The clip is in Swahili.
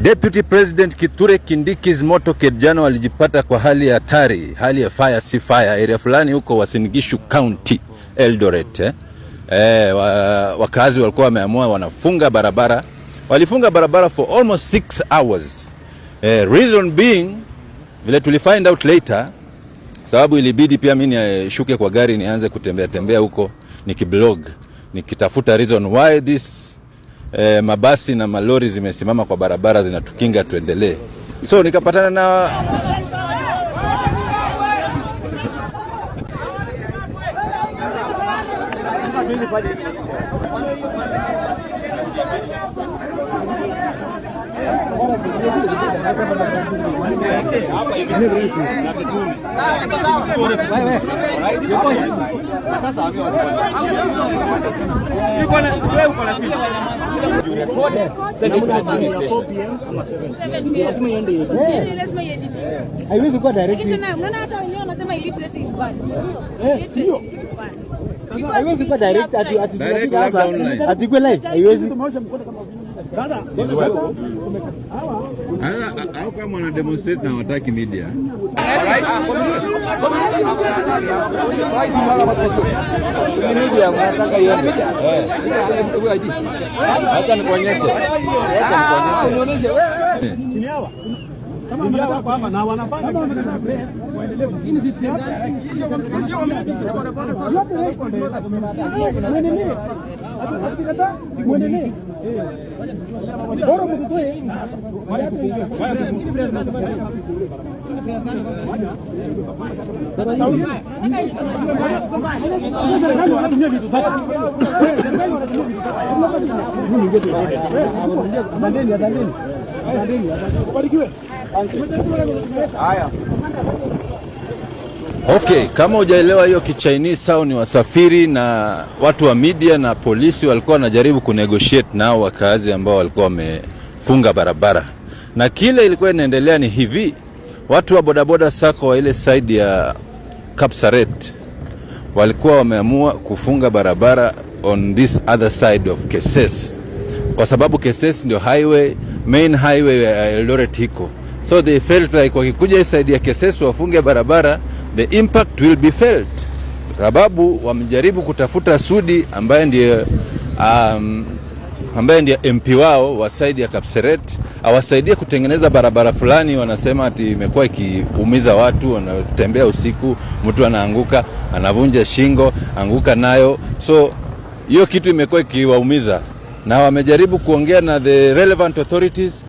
Deputy President Kithure Kindiki's moto Kejano walijipata kwa hali ya hatari, hali ya fire si fire area fulani huko Uasin Gishu County Eldoret eh. Eh, wa, wakazi walikuwa wameamua wanafunga barabara, walifunga barabara for almost six hours eh, reason being vile tulifind out later, sababu ilibidi pia mimi nishuke kwa gari nianze kutembea tembea huko nikiblog nikitafuta reason why this e, mabasi na malori zimesimama kwa barabara zinatukinga tuendelee. So nikapatana na haiwezi kuwa direct. Unaona hata wenyewe wanasema illiteracy is bad. Sio? haiwezi kuwa direct ati ati direct hapa ati kwa live haiwezi. Au kama wana demonstrate na wataki media. Acha nikuonyeshe. Acha nikuonyeshe. wewe. Chini hawa kama wanataka kuhama na wanafanya kama wanataka kuhama waendelee lakini si tena sio wamiliki kwa wanapata sana waendelee hatukikata muendelee bora mtutoe serikali wanatumia vitu tatu serikali wanatumia vitu tatu mandeni ya dandeni kubarikiwe Okay, kama hujaelewa hiyo Kichinese sao ni wasafiri na watu wa media na polisi walikuwa wanajaribu kunegotiate nao wakaazi ambao walikuwa wamefunga barabara, na kile ilikuwa inaendelea ni hivi, watu wa bodaboda sako wa ile side ya Kapsaret walikuwa wameamua kufunga barabara on this other side of Keses kwa sababu Keses ndio highway main highway ya Eldoret hiko so they felt like wakikuja side ya Keseso wafunge barabara the impact will be felt, sababu wamejaribu kutafuta Sudi ambaye ndiye um, ambaye ndiye MP wao wa side ya Kapseret awasaidie kutengeneza barabara fulani. Wanasema ati imekuwa ikiumiza watu, wanatembea usiku, mtu anaanguka anavunja shingo, anguka nayo. So hiyo kitu imekuwa ikiwaumiza, na wamejaribu kuongea na the relevant authorities